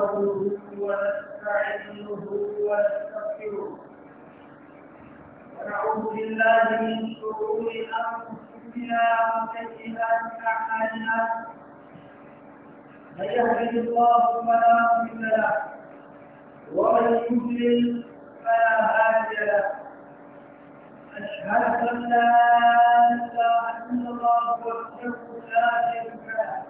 نحمده ونستعينه ونستغفره ونعوذ بالله من شرور انفسنا وسيئات اعمالنا من يهده الله فلا مضل له ومن يضلل فلا هادي له اشهد ان لا اله الا الله وحده لا شريك له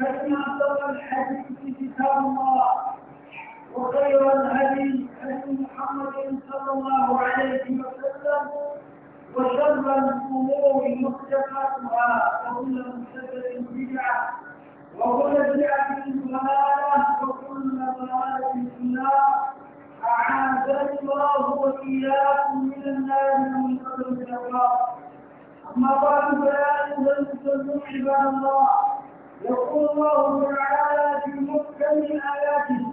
فإن طبعا الحديث كتاب الله وخير الهدي هدي محمد صلى الله عليه وسلم وشر الامور محدثاتها وكل محدثه بدعه وكل بدعه ضلاله وكل ضلاله في النار اعاذني الله واياكم من النار من قبل الشراب اما بعد فيا ايها المسلمون عباد الله يقول الله تعالى في محكم آياته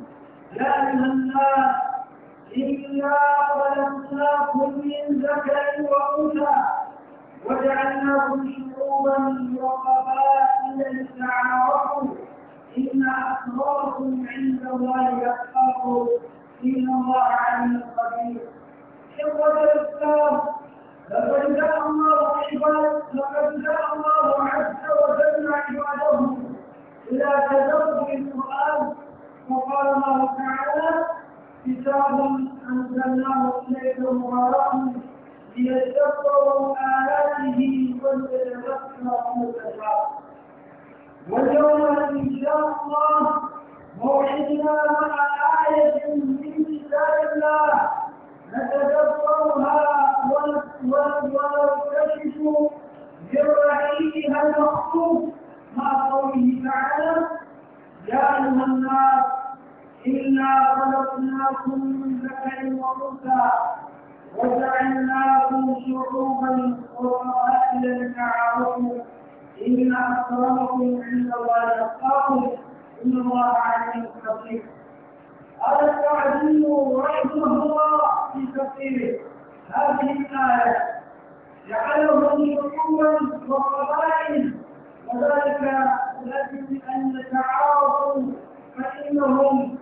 يا أيها الناس إنا خلقناكم من ذكر وأنثى وجعلناكم شعوبا وقبائل لتعارفوا إن أكبركم عند الله يتقاكم إن الله عليم خبير إخوة الإسلام لقد جاءهم إذا كذبت بالقرآن فقال الله تعالى كتاب أنزلناه إليك مبارك ليتدبروا آياته وليتذكروا الألباب واليوم إن شاء الله موعدنا مع آية من كتاب الله نتدبرها ونكتشف من رحيلها المخطوط مع قوله تعالى يا أيها الناس إنا خلقناكم من ذكر وأنثى وجعلناكم شعوبا وقبائل لتعارفوا إن أكرمكم عند الله أتقاكم إن الله عليم خبير هذا التعديل رحمه الله في تفسيره هذه الآية جعلهم شعوبا وقبائل وذلك لأجل أن تعارضوا فإنهم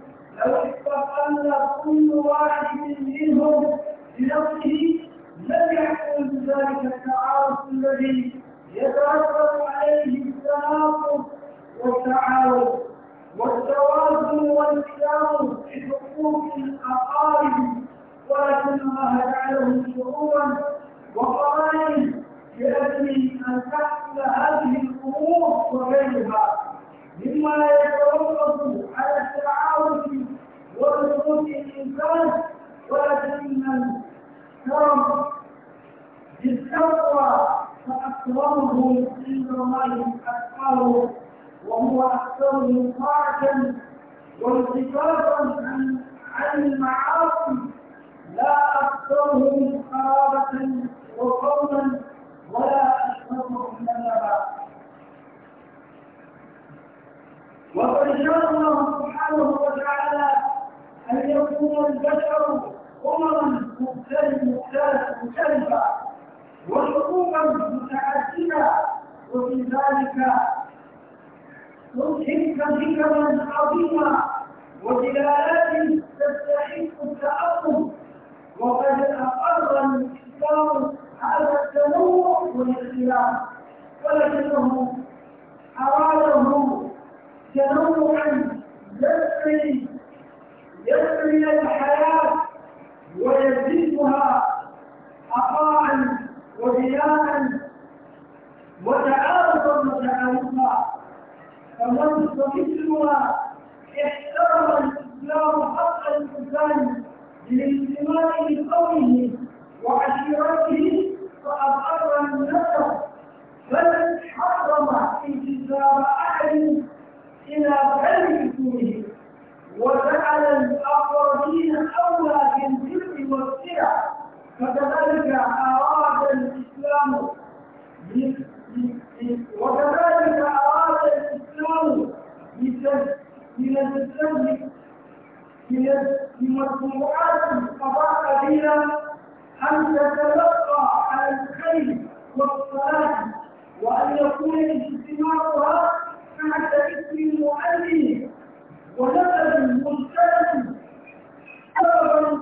لو استقل كل واحد منهم بنفسه لم يحصل بذلك التعارض الذي يترتب عليه التناقض والتعارض والتوازن والكلام في حقوق الأقارب ولكن الله جعله شعورا وقرائن لأجل أن تحصل هذه الفروض وغيرها مما يتوقف على التعاون وحقوق الانسان ولكن الكرم بالتقوى فاكرمهم عند الله اكثر وهو اكثرهم طاعه وانتفاضا عن المعاصي لا اكثرهم قرابه وقوما ولا اشهرهم نسبا وقد شاء الله سبحانه وتعالى أن يكون البشر أمما مختلفة وحقوقا متعددة وفي ذلك تضحك حكما عظيمة ودلالات تستحق التأمل وقد أقر الإسلام هذا التنوع والاختلاف ولكنه أراده تنوعا يسري يسري الحياة ويزيدها عطاء وبناء وتعارفا متعارفا فمن صديقها احترم الاسلام حق الانسان للانتماء لقومه وعشيرته فاضر النفس بل حرم انتساب احد إلى فعل حكمه وجعل الآخرين أولى بالبر والسلع فكذلك أراد الإسلام وكذلك أراد الإسلام لنستهلك بمجموعات قضاء بها أن تتلقى على الخير والصلاة وأن يكون اجتماعها بعد اسم المؤلف ونسب مجتهد سببا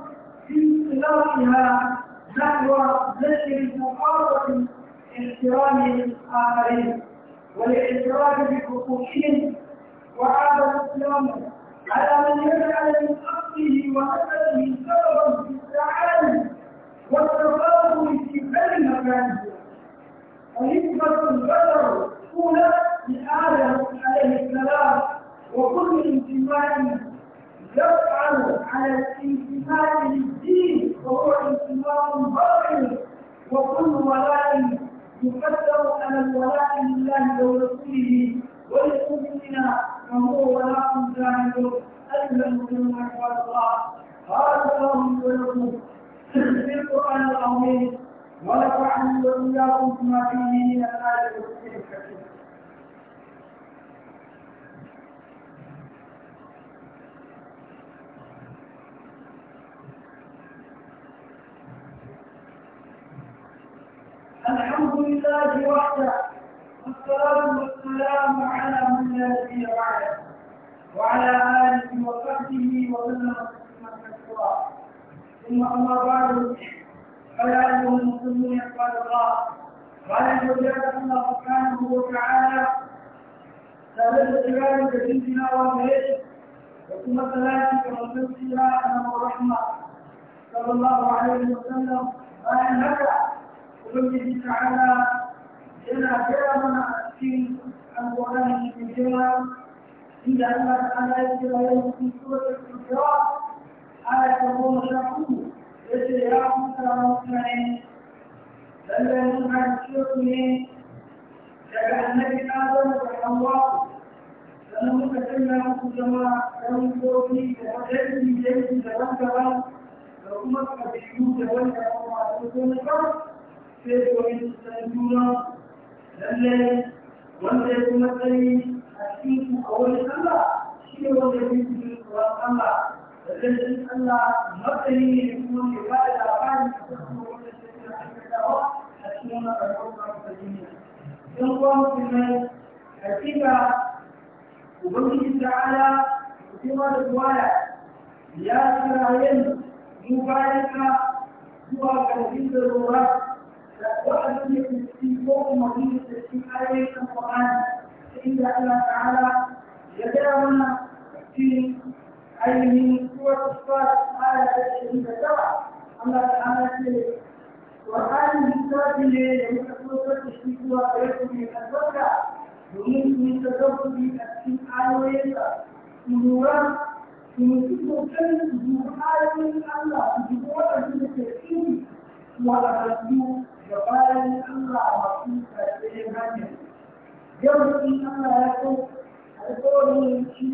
في انطلاقها نحو ذكر مخاطبه احترام الاخرين والاعتراف بحقوقهم وعاد الاسلام على من يجعل من اصله ونسبه سببا في التعالي والتفاضل في كل مكان ونسبه البشر اولى لآدم عليه السلام وكل انتماء يفعل على الانتماء للدين وهو انتماء باطل وكل ولاء يقدر على الولاء لله ورسوله ولأمتنا وهو ولاء جامد أجل مسلم عباد الله هذا الله يقول في القرآن العظيم ونفعني وإياكم بما فيه من الآية والذكر الحكيم الحمد لله وحده والصلاة والسلام على من لا نبي بعده وعلى آله وصحبه وسلم تسليما كثيرا ثم أما بعد فيا أيها المسلمون عباد الله قال جل الله سبحانه وتعالى سألت العباد بجنسنا وبهجر وثم ثلاثة ومن فيها أنا ورحمة صلى الله عليه وسلم ما إنك ubangiji ta'ala yana gaya mana a cikin alƙur'ani mai girma inda Allah ta'ala ya kira yau cikin suratul hijra aya ta goma sha uku yace ya kusa mutane lallai mun harshe ku ne daga annabi Adam da Hawwa sannan muka sanya muku zama dangogi da wadannan jeji da wanda ba da kuma kabilu da wanda ba masu zuwa sai ko yin san juna lalle wanda ya kuma tsari a cikin a wani Allah shi ne wanda ya yi tsoron Allah lalle shi Allah matsayi ne kuma ne ba da labarin da kuma wanda ya yi aikatawa a cikin wannan al'umma ta duniya. Yan kuwa musulmai hakika Ubangiji ta'ala kuma da waya ya kira yin mu bayan ka zuwa ga jikin ruwa وأن يكون مدينة تعالى يدعونا في علمه سورة الصفات آية الشهيدة ترى تعالى وقال بالذات لمتفوقة الشكوى ويكون من الزكاة ومن من تدرب في آية نوران ومن كل سجود آية da bayan Allah yau shi a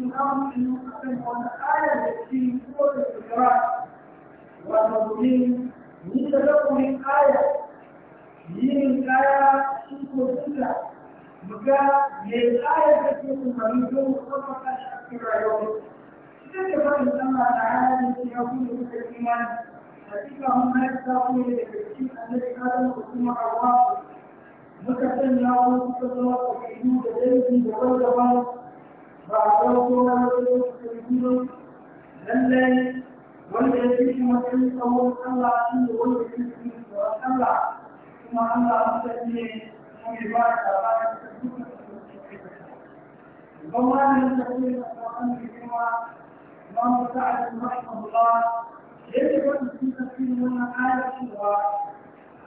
kan wani ayar da shi ko da shekara wata da zakumin aya yin kaya ke don ta imani فإنهم لا يستطيعون لتسليم الذي آدم ثم حواء متسمعون تسمعون وكيدون لديهم ووجبهم فأعطوكم وجدوا تسلمون لله والذي يشم تلقهم ألا عنده ويسلم وألا ثم ألا مسلمين ويبارك على تسليم والله من تقول القرآن الكريم ما سعد رحمه الله yadda wanda sun tafi nuna kayan cewa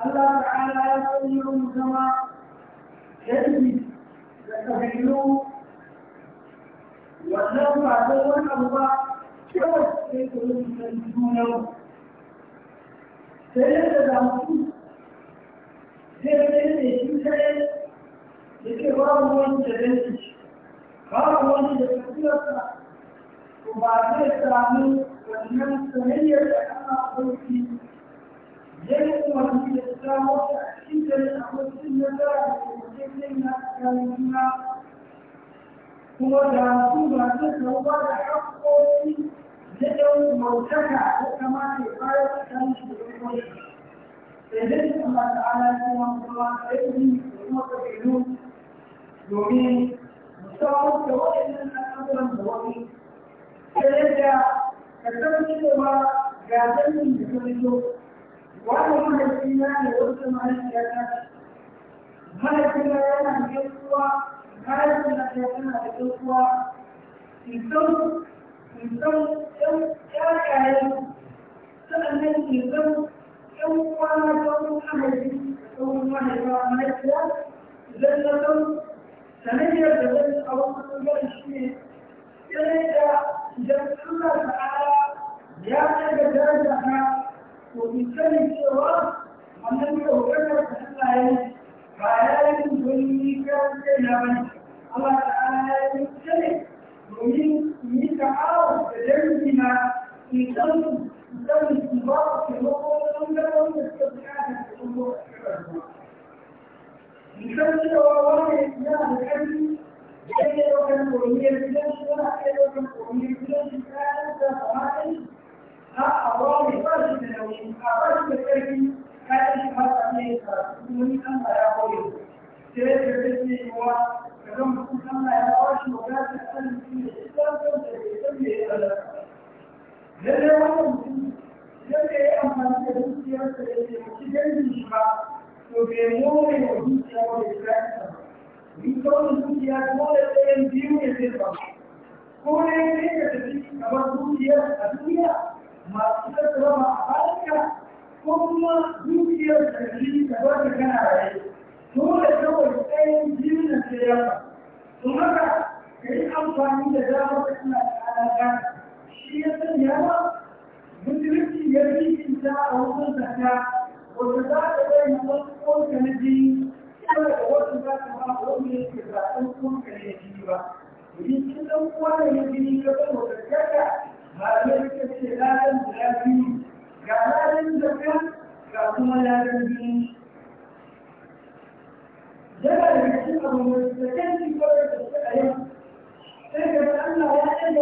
Allah ta'ala ya san yau zama yadda da kabilu wannan ba don wani abu ba kawai sai ku rubuta junan sai yadda da mutum zai zai da shi kai da ke babu wani da zai babu wani da tafiyarsa ba zai sami wannan soyayyar da ana ɗauki yana kuma da samu a cikin da ya samu cikin da za a cikin na tsakanin juna kuma da su masu tauba da haƙƙoƙi na ɗan mautaka da kama ne fara tsakanin shi da ɗan Idan Allah ta'ala kuma kuma ɗaiɗi da kuma ƙabilu domin musamman da waɗannan al'amuran da wani. Sai da ka san cewa ga sanin da ka fito wani mahaifina ne wata mahaifiya ta na yana da gaisuwa mahaifina ta yana da gaisuwa in san 'yan san ɗan ƴaƴayen 'yan kwana ɗan mahaifi ɗan mahaifa mahaifiya idan na san sanayyar da zan a wani ɓangaren shi ne sai da idan Allah ta'ala ya daga daraja ka to ki sani cewa annabi da da ya yi ba ya ya domin yi da cewa kaga mutum Allah ya ba shi wadatar arziki da shi kan da ke san me ya alaka lalle wannan mutum idan bai yi amfani da dukiyarsa da ke mace dangin shi ba to bai more wa dukiya wa bai zaki ba ni kawai dukiya dole ɗayan biyu ne zai ba ko ne ne ka tafi kamar dukiyar a duniya masu tattara a halika ko kuma dukiyar da shi ba ta kana dole kawai tsayin jinin da sai ya fa su haka ka yi amfani da damar da suna da alaƙa shi ya sanya ba musulunci ya rikinta a wajen zaka wanda za ka bai na wasu ƙonka na jini kuma da wasu za ta ba wanda ke zaɓen ƙonka na jini ba domin kin ɗan ƙwanan na jini ka zama da kaka ba zai ka ce ladan guda biyu ga ladan zaka ga kuma ladan jini yana da cikin da kan ci kawai da suka a yau sai ga Allah ya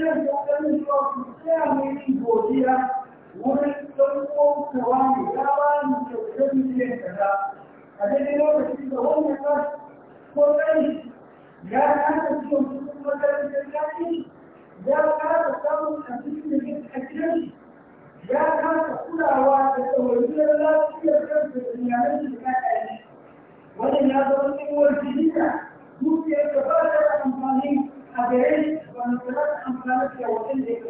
ɗaga wani samu godiya ya ba لا كانت فيهم قدر الزكاة لا كانت تقوم أبيك من الحكيم لا كانت كل أوقات التولية لا تكون في الدنيا من الزكاة ولن يظن والجديدة ممكن تفادى أمثالهم أبعيد ونصرات أمثالك يوصل لك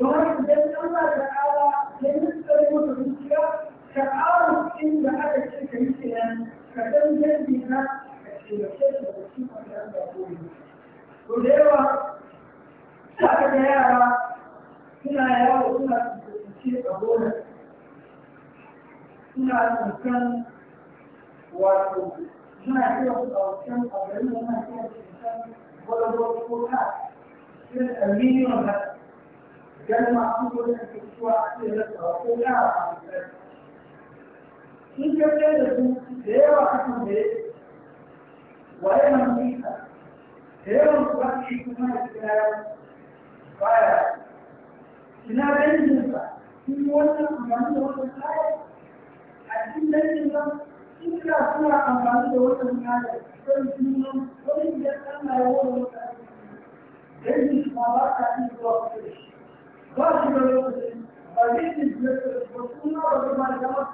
وهذا الدين الله تعالى لم يستلم الرزق كعارف إن هذا الشيء مثلا فتم جنبها da yawa za ka ga yara suna yawo suna tsince a gona suna tsakan wato suna kira su a a garin da na kira tsinkan ko ta irin aluminium na idan masu gudun ke a cikin rasa ko a cikin Sun kai da su da yawa akan da ya وهي ممليكة هي مصرحة كما يتكلم فايا إنها بنزلة في وزن أمامي وزن حاجة أكيد بنزلة إنها صورة أمامي وزن حاجة فالسنون ومن يتكلم يقول بنزل مرات عن الوقت باشر الوقت فبنزل بنزل بسنة وزمان جمعت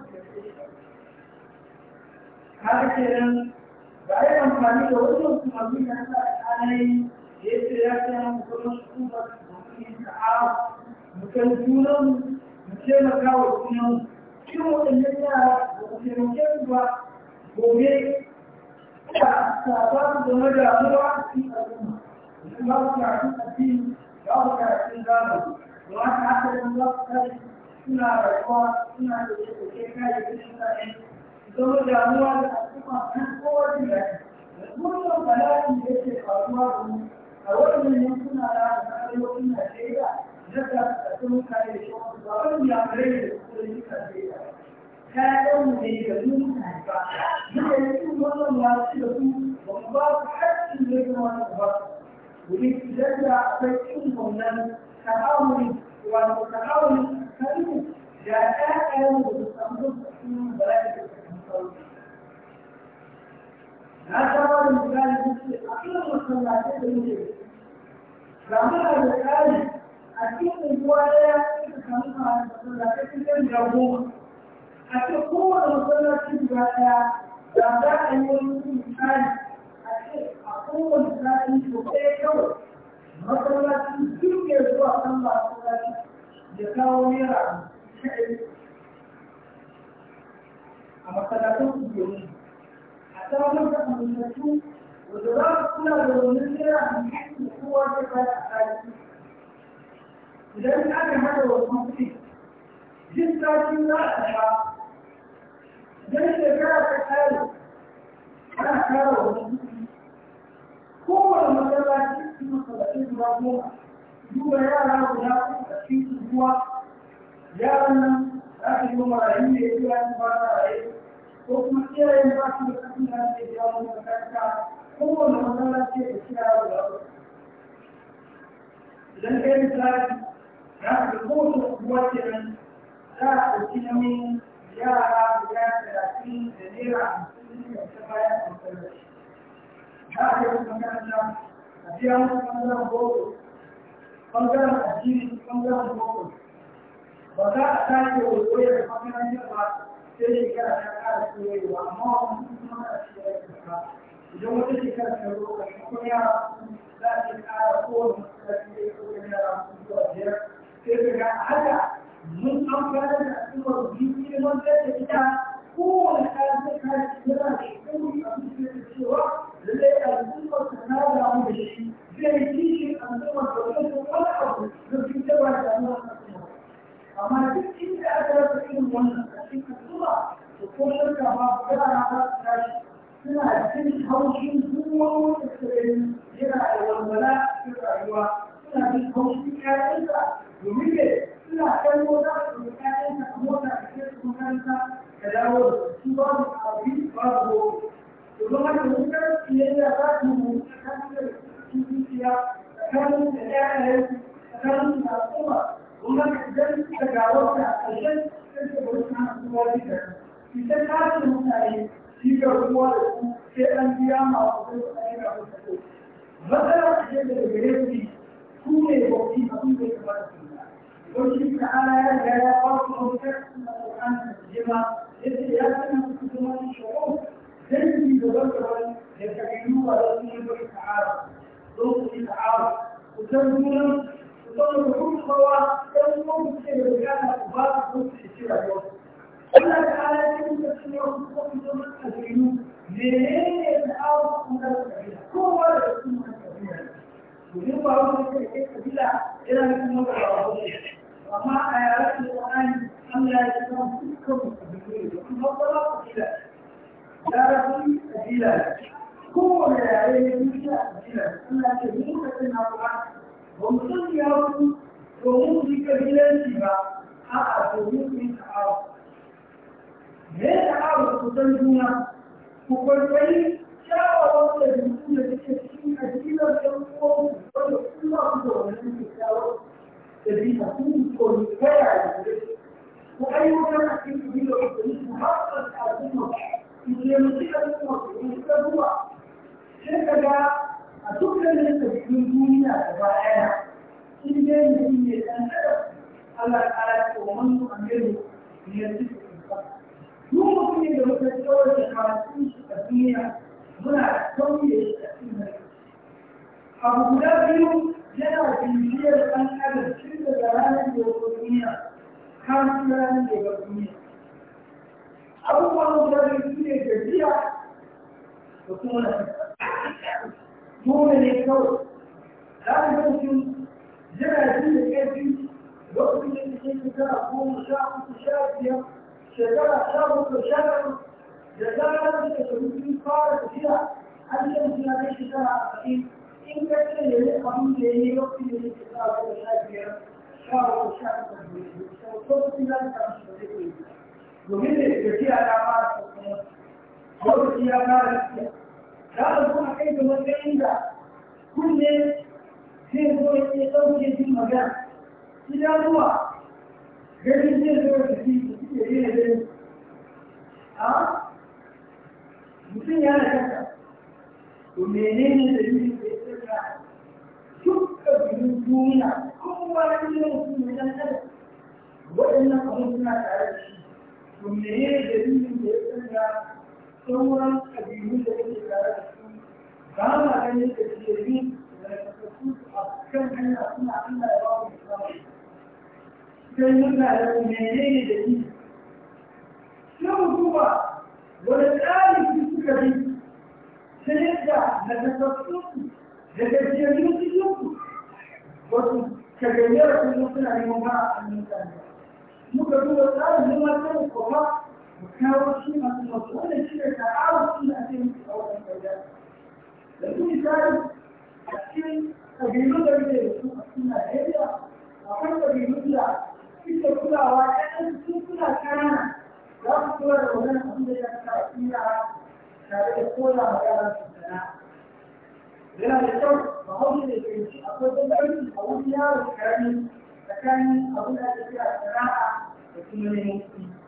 هذا كلام ga yi amfani da wajen kuma zuwa na tsakanin da ya ce ya ce mu kuma su ba su domin yin sa'a mu junan mu taimaka wa junan shi waɗannan yara ba ku taimake su ba gobe ta ba su game da ruwa su yi al'umma idan ba su karatun addini ba su karatun zamani don haka haka yanzu ba su kare suna rayuwa suna da yake kai kayayyakin mutane zama damuwa da al'umma kan kowace yaki mutum bala'i da yake faruwa da mu a wannan yankuna na na arewacin najeriya na kasassun mutane da shawarci ba wani yamurai da suke yi najeriya kayan mu ne da mu mutane ba muka yi cin wannan masu da su ba mu ba su haƙƙin da ya kamata ba wuri idan da akwai cin wannan ta'amuri wato ta'amuri kan da ƴaƴan mu da su samu da su bala'i da na sha wani misali sun a kan masallatai da muke ga muna da tsari a cikin unguwa ɗaya suka samu masallatai sun kai guda goma a ce kowane masallaci guda ɗaya da za a yi wani misali a ce a kowane misali ko ɗaya kawai masallaci duk ya zuwa kan masallaci ya kawo naira kaɗai makarantun su domin a tsawon da amintattu wanda za su kula da domin kira a cikin kowa ta kaya a kaji idan aka hada wa kwamfi jin sati za a tafa idan shekara ta kare ana kara wa kwamfi kowane masallaci su masallaci guda goma duba yara guda uku a cikin ruwa yaran nan za su yi marayu da ya kira su ba ta rayu ko kuma iyayen ba su da kasan da ake jawo ko wani matsala ce da kira da idan kai misali na da kowace kuwa ke nan za a ɗauki nauyin yara guda da naira hamsin da ta bayan masallaci za a kai da, a biya musu ɓangaren boko ɓangaren addini ɓangaren boko ba za a sake waiwayar makarantar ba sai shekara ta ƙara soyewa amma wani kuma na za ya sai haka mun amfana da al'ummar biyu ilmantar ita يتكلمون لهم بالتعارض ضد التعارض وتنزلون وتنزلون كل خواص تنزلون في الرجال وبعض ضد الشرع الله تعالى يقول تسمعون وتنزلون تسمعون ليه الأرض مدرسة كل واحد يكون مدرسة ويبقى عمره كيف بلا إلى أن يكون وما آيات القرآن أم لا يكون فيكم بالنور وكل ما طلب إلى لا يكون إلى kowane yare ne duniya a jinar suna ce mun kasin na kuma ba mu san ya wasu domin su yi kabilanci ba a a domin su yi ta'awa me ya ta'awa ku san juna ku kwaikwayi shawarwar da jikin da suke cikin ajiyar ɗan kowanne wanda kuma ku da wannan kyakkyawar da bisa kun koyi kaya da ku ayyukan a cikin ajiyar da su da al'umma ku ne mutum da kuma ku ne ta zuwa sai ka ga a dukkanin sabbin duniya da ba ɗaya in dai mutum ne ɗan adam Allah ta ala ce wa man su amiru ne ya ci duk mutum ne da muka tsawon shekarun shi a duniya muna sauye shi a cikin mai abu guda biyu yana bibiyar ɗan adam tun daga ranar da ya duniya har ranar da ya duniya abubuwan guda biyu su ne gajiya da kuma na dole ne kawai za ka ga yana jin da ƙarfi lokacin da yake shekara goma sha uku sha biyar shekara sha bakwai sha takwas da zarar da shekaru biyu fara tafiya an ce mutum ya kai shekara arba'in in ka ce ya yi abin da ya yi lokacin da yake shekara goma sha biyar sha bakwai sha da ya ya shi da zai koyi domin da tafiya ya fara tafiya lokaci ya fara tafiya za a zo a kai da matsayin da kunne zai zo ya ke ɗauke jin magana idanuwa gani zai zo da shi da suke yi da gani a mutum ya na kanta to ne da yi da ya tsaka dukkan biyu duniya kowa ya yi mutum ya dan adam waɗannan abin tare da shi to menene da yi da ya tsaka sauran ƙabilu da yake tare da su ba ma ganin da yi da kasassu a kan hanya suna Allah ya ba mu samu sai muna da menene da ni sai mu duba wani tsari su suka bi ta yadda na kasassu da gajiyayyu cikin su wasu kagayyar kuma suna neman ba a mutane muka duba tsarin neman sai kuma kawo shi masu masu wannan shi da ta'awa shi da ake musu a wannan kaida da su misali a cikin kabilun da muke da su a cikin Najeriya akwai kabilun da suke kulawa ɗan sun kula kanana za su kula da wannan abin da ya sa yara tare da kola ma yaran su sana'a yana da kyau ba hausa da ke akwai bambanci a wani yaro karami tsakanin abin da ake kira sana'a da kuma neman kuɗi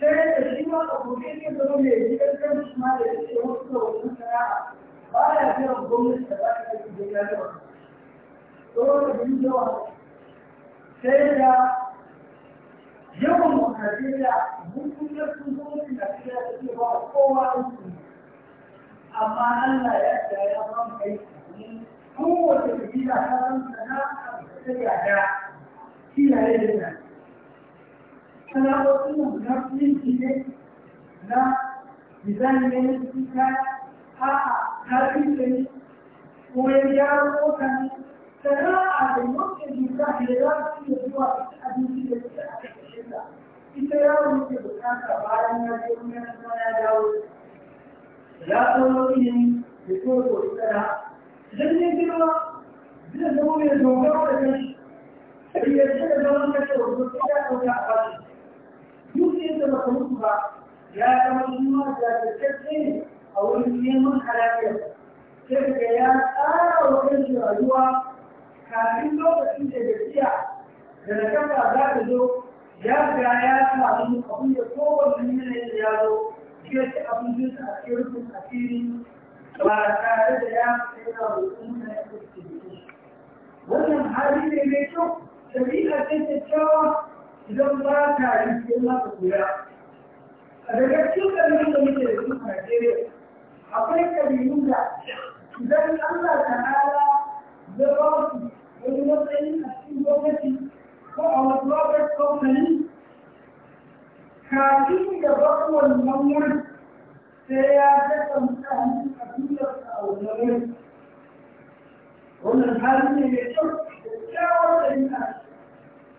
sai da shi ma abokin ya zama mai gidan kan su ma da wasu da wasu sana'a ba ya jiran gwamnati da ba ta da ke gina Tsoron da biyu yawa sai da yawan mutane da hukunyar sun gwamnati na cikin da ke ba kowa aiki amma Allah ya ce ya ba mu aiki kowace kabila ta san sana'a da ta yaya kiyaye da nan. sana'o'in na musulunci ne na misali ne na cikin kaya a'a ne ko ya gyara mota ne sana'a da yankin jika da za su iya zuwa abinci da suke a ƙarƙashin ta ita yawon yake bukata bayan ya je kuma ya kuma ya dawo ya tsoro ilimi da tsoro sana'a idan ya girma zai zama mai dogaro da kanshi bai yarda da zaman kashe wasu ya ɗauka a bashi duk yadda baka mutu ba ya zama ima da tattace ne a wurin neman halayyar sai da ya tsara wa kanshi rayuwa kafin lokacin da gajiya da na kafa za ta zo ya ga ya samu abin da kowane yanayin da ya zo ya ci abincin a cikin rufin asiri ba tare da ya fi yana roƙon na ya fi wannan hali ne mai kyau ɗabi'a ce kyakkyawa idan ba ka yi sai ma ka koya a daga cikin kabilun da muke da su a Najeriya akwai kabilun da idan Allah ta'ala ya ba su wani matsayi a cikin gwamnati ko a wasu wabar kamfani kafin da ba wannan wurin sai ya daga mutane a duniyar a wannan wurin wannan hali ne mai kyau da kyawar da yi a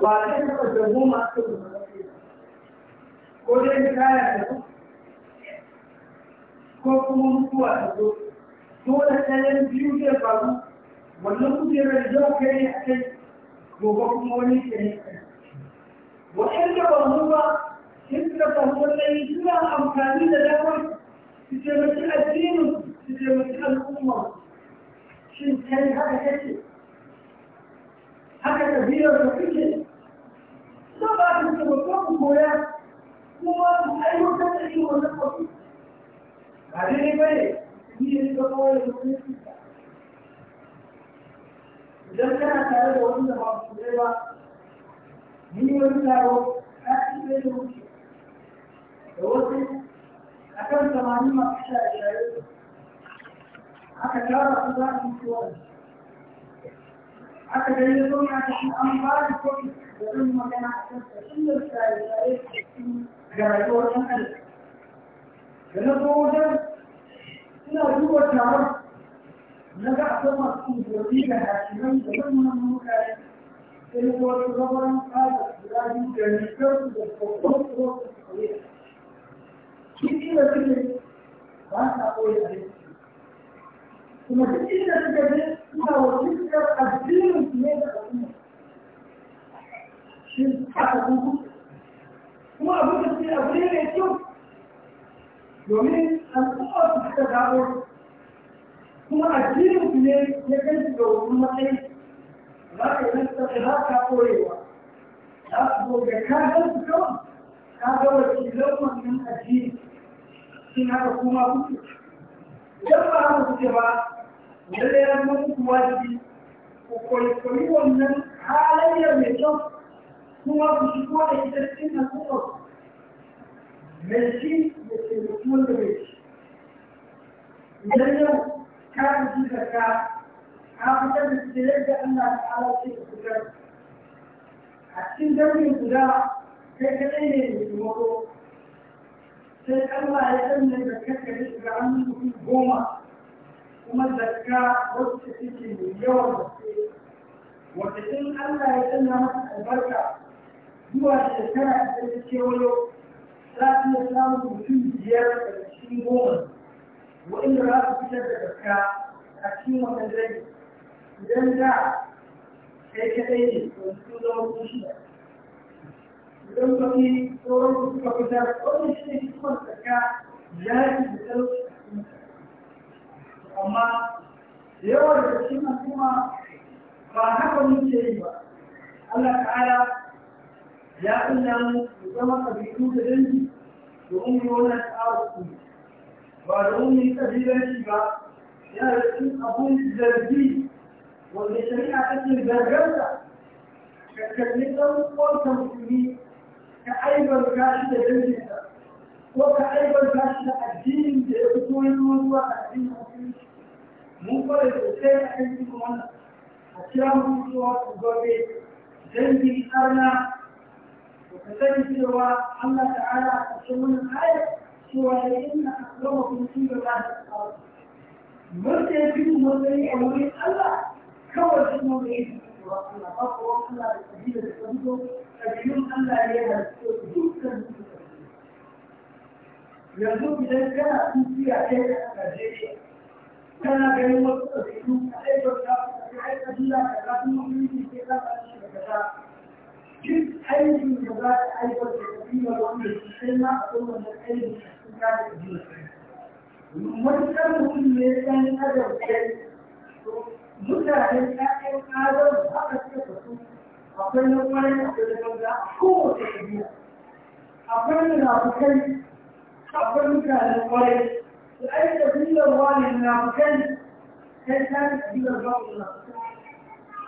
ba zai taɓa zamo masu ko dai misali da su ko kuma mutuwa da su dole ɗayan biyu zai faru wannan kujerar da ka yi a kai gobe kuma wani ke ne waɗanda ba mu ba sun suka samu wannan suna amfani da damar su taimaki addinin su taimaki al'umma shin kai haka kake haka tafiyar da kake Sun ba da suke mutum koya kuma su aiwo ta da iya wannan kwafi. Ba da ne bane, shi ne su zama wani mutum Idan kana tare da wani da ba su kure ba, ni ne wani taro, ka ci ne da wuce. Da wasu, a kan samani masu sha-shari, aka kara su za su yi kowane. aka da ya zo na cikin an ba da da zan magana a kan sassan da tsare-tsare ga rayuwar ɗan adam da na zo wajen ina duba taron na ga akwai masu gobe da hakiman da zan mana mutane sai na wasu rabaran tsada guda biyu da rikarsu da babban da da ba sa a kuma suka suna wakiltar addinin su ne da kuma abu ne mai kyau domin al'umma su suka zaɓo kuma addinin su ne ya wani za ka za ka su ka wannan haka kuma ba ba lalle ya zama muku wajibi ku kwaikwai wannan halayyar mai kyau kuma ku shigo da ita cikin al'ummar mai shi da taimaki wanda mai shi idan yau ka ji zakka ka fitar da cikin yadda Allah ta'ala ce ku fitar a cikin dangin guda kai kadai ne da taimako sai Allah ya san ne da kakkare shiga hannun mutum goma kuma zakka wacce take mai yawan gaske wata in Allah ya sanya masa albarka zuwa shekara ta ta kewayo za su iya samun mutum biyar daga cikin goma wa'inda za su fitar da zakka a cikin wannan rai idan da kai kaɗai ne wani sun zama mutum shida idan kuɗi tsoron su suka fitar wani shi ne hikimar zakka ya yi da talauci amma da yawa da cikin al'umma ba haka muke yi ba Allah ta'ala ya kunna mu zama kabilu da dangi domin yi wannan tsawon ba domin yi kabilanci ba yana da cikin abun zargi wanda shari'a take zargarsa ka kalli ɗan uwanka musulmi ka aibar kashi da danginsa ko ka aibar kashi da addinin da ya fito yi a addinin musulmi mun kware sosai a kan cikin wannan a kira mun cewa su gobe dangin karna da ka sani cewa Allah ta'ala a cikin wannan ayar cewa ya yi na akwai kun sun da za ta kawo mun sai fi mu matsayi a wurin Allah kawai sun mu da yi cewa Allah ba ko Allah da kabila da kanto kabilun Allah ya yi da dukkan yanzu idan kana tsintsiya ɗaya a Najeriya kana ganin wasu ɗabi'u kaɗai kyauta da ai kabila da zafin mutunci ke za a ci daga ta duk aikin da za ta aiwata da kabila wanda sai ma a ɗaukar wannan aikin da sun kare kabila matuƙar mutum ne ɗan adam kai mutane ƴaƴan adam haka suka kasu akwai na kwarai akwai na ganga a kowace kabila akwai na rafukai akwai mutanen kwarai لأي تبديل الله للمنافقين كان كان تبديل الله للمنافقين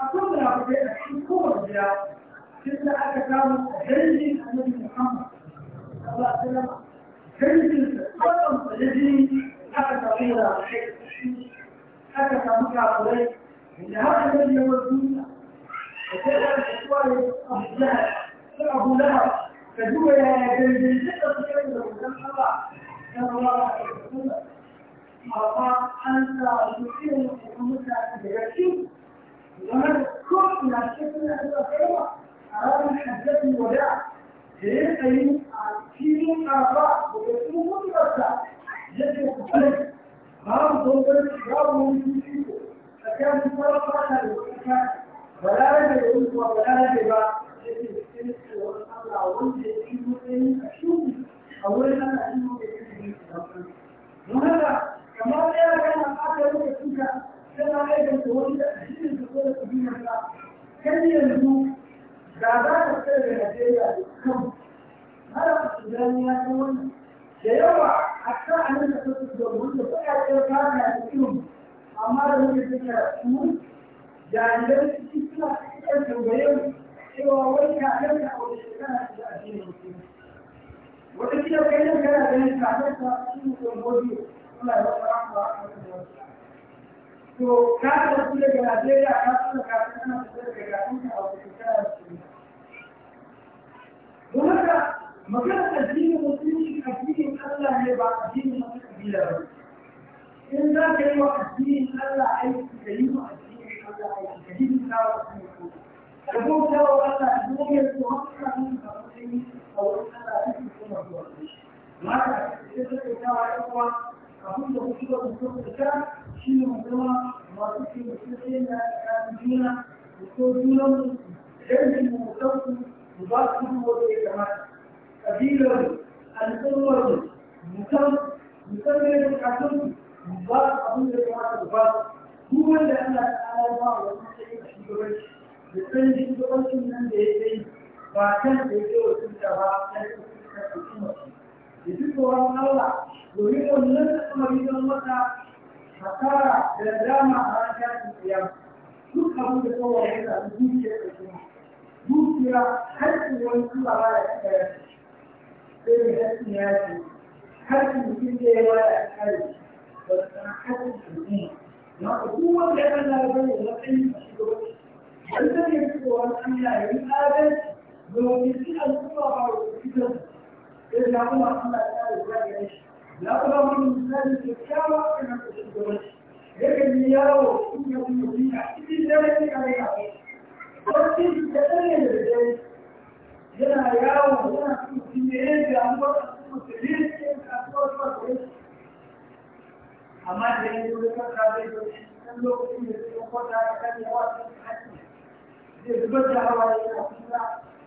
أقول منافقين أكيد كبر جاء كنت أتكلم هرجي النبي محمد صلى الله عليه وسلم هرجي قدم الذي حتى تغير شيء حتى تمكع عليه إن هذا الذي هو الدنيا وكذا الأسوار أبو لهب فأبو لهب فجوا يا جلد الجنة تكلم الله amma da da a wada da ya tsayi da da ba da rage wurin ana وهذا كما لا كان قبل ذلك فيها كما ايضا تولد تحديد الدخول القديمه كان يلزم بعدها تستلزم الجيش الخمس هذا السودان يكون سيرى حتى ان تتزوج فقط كان يكون amma da muke fi karatu jami'ai suna cikin tambayar cewa wani kakar da aure shekara shi da addinin musulmi وتكيل كلام كلا بين الكعبات والصين والمودي الله يرحمه ورحمه الله تو كان رسول الله جل وعلا كان كان كان او كان هناك مكان الدين المسلم الدين الله يبقى دين المسلم بلا إن ذاك الوقت دين الله أي كريم الدين الله أي كريم الله أبوك الله الله يرحمه ورحمه الله a wurin Allah duk su kuma zuwa ma da sai suka kuwa da kuka ga mutum da masu mu mu mu mu ba ba nan da ba kan da yake yi sun da ba na cikin mace da duk tsoron Allah domin wannan kuma gidan mata hasara da dama a ran yakin kiyama duk abin da kowa ya sami zuciya ta kuma zuciya harshen wani kuma ba da suka yi sai da harshen ya ce harshen mutum da ya kare ba su san harshen mutum na wanda ya kan labarai da matsayin shugabanci wanda ne wani hanya ya yi adalci domin shi an zuwa a rikicin sai ya kuma Allah ya yi zuwa gare shi ya kuma wani misali da kyawa a kan shugabanci yakan yi yawo in ya kuma yi a ne a rai a kai wani da ɗan ne da dare yana yawo yana kuma shi ne ya ga an wata kuma su ne ke kasuwar zuwa gare shi amma da ya yi wani kan kafin da shi ɗan lokacin da ya kwata ya kan yawa cikin haƙƙi zai zubar da hawa yana kuma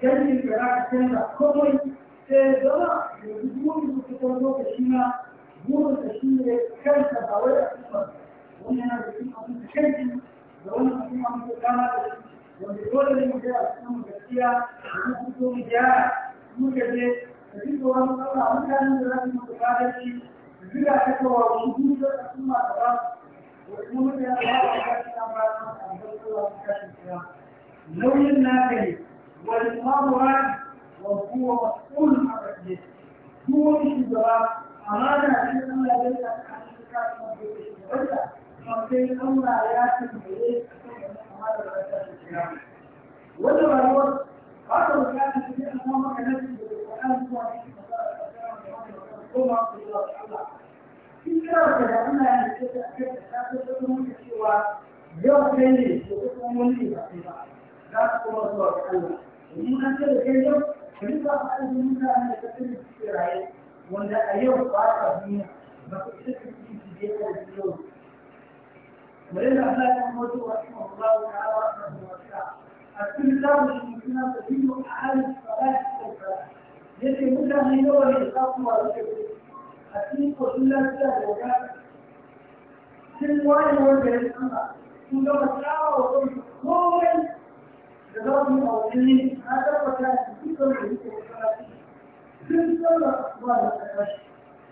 canjin ka za ka canza komai sai da yanzu burin su kuma lokaci na burin da shi ne kanka ba wai a kuma wani yana da cikin abin da canji da wani cikin abin da kama da shi wanda dole ne mu a cikin gaskiya da mu fito mu gyara muka je da duk da wani tsara mutanen da za su mutu kadarci da aka kawo wani duk da su ma da ba wani mutane da ba a kashe amfani da abin da su na nauyin والإمام والمرأة وهو مسؤول عن هو دون الشجرة أمانة أن الله ليس عن الشركات موجودة في أن فكيف الله يأتي إليه هذا الأساس الكلام ولو أقول هذا الكلام في أمامك نفسه والآن هو في مسألة الكلام في كلام كلامنا يعني كيف كيف تكون سوى يوم كلمة وتكون مليئة في بعض لا تكون سوى الله domin an ce da kai yau ka yi ba a ɗan mutane da kafin da suke raye wanda a yau ba a duniya ba ku isa ka ci su je ka da yau ولله لا يموت رحمه الله تعالى رحمه وسع التلزام الممكنة تزيد أعالي الصلاة والصلاة يجي متهم هو الإسلام والشكر التلك إلا الزهد في الوالي والبيت أما كل مسعى وكل كل لدرجة أو علمي هذا المكان في كل في كل أخبار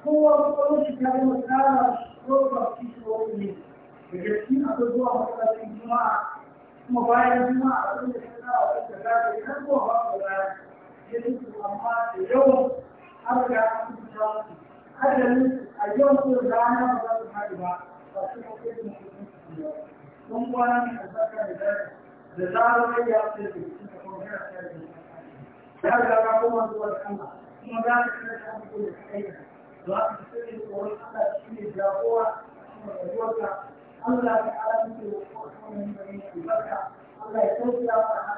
هو قول كلمة تعالى شرطة في شروطه يجسين أتدوها مثلا في الجماعة موبايل الجماعة أقول لك أنا أقول لك هذا هو هذا يجب الأمهات اليوم أرجع أن أقول أجل اليوم كل دعانا مدرس هذه بعض فأشوف كيف نحن نحن نحن نحن نحن نحن نحن da zarar kai ya fi da cikin kafin yana tare da ya ga ga kuma zuwa kama kuma za ka kira ta ko da kai da za a fi da tsoron Allah shi ne jagowa kuma da zuwa Allah ta ala mutu da kuma kuma yin da Allah ya tausa wa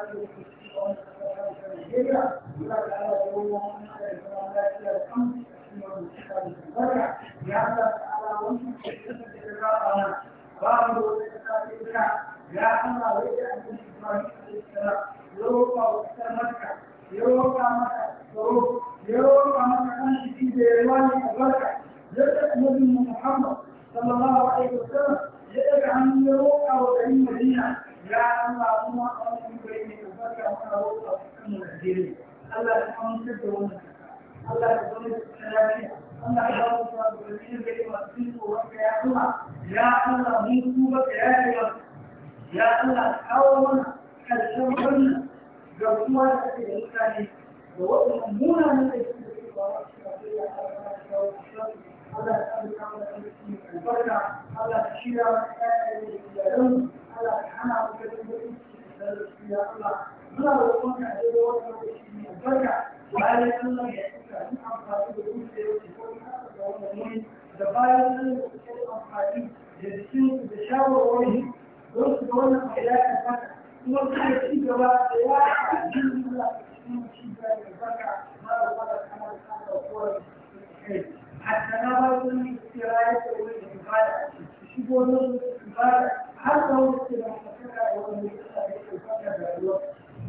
muna roƙon ka da yawa da amfani da kuma da yake da amfani da da don su ga wannan ci gaba da ya ka ji Allah ka na roƙon da ba ce har da wani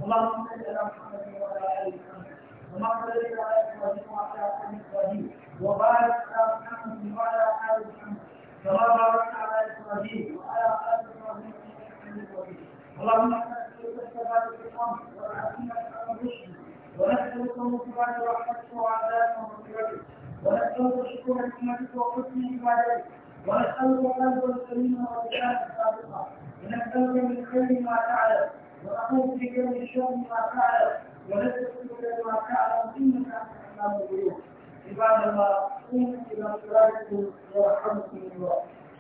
اللهم صل على محمد وعلى ال محمد وما صليت على ابراهيم وعلى ال ابراهيم وبارك على محمد وعلى ال محمد كما باركت على ابراهيم وعلى ال ابراهيم انك حميد مجيد اللهم انا نسالك الثبات في الامر والعافيه عن الرشد ونسالك مصيبات رحمتك وعذابك ومغفرتك ونسالك شكر نعمتك وحسن عبادتك وأسألك قلبا سليما ولسانا صادقا ونسألك من خير ما تعلم ونعوذ بك من شر ما تعلم ونستغفرك لما تعلم إنك أنت الحمام الغيوب عباد الله قوموا إلى صلاتكم وارحمكم الله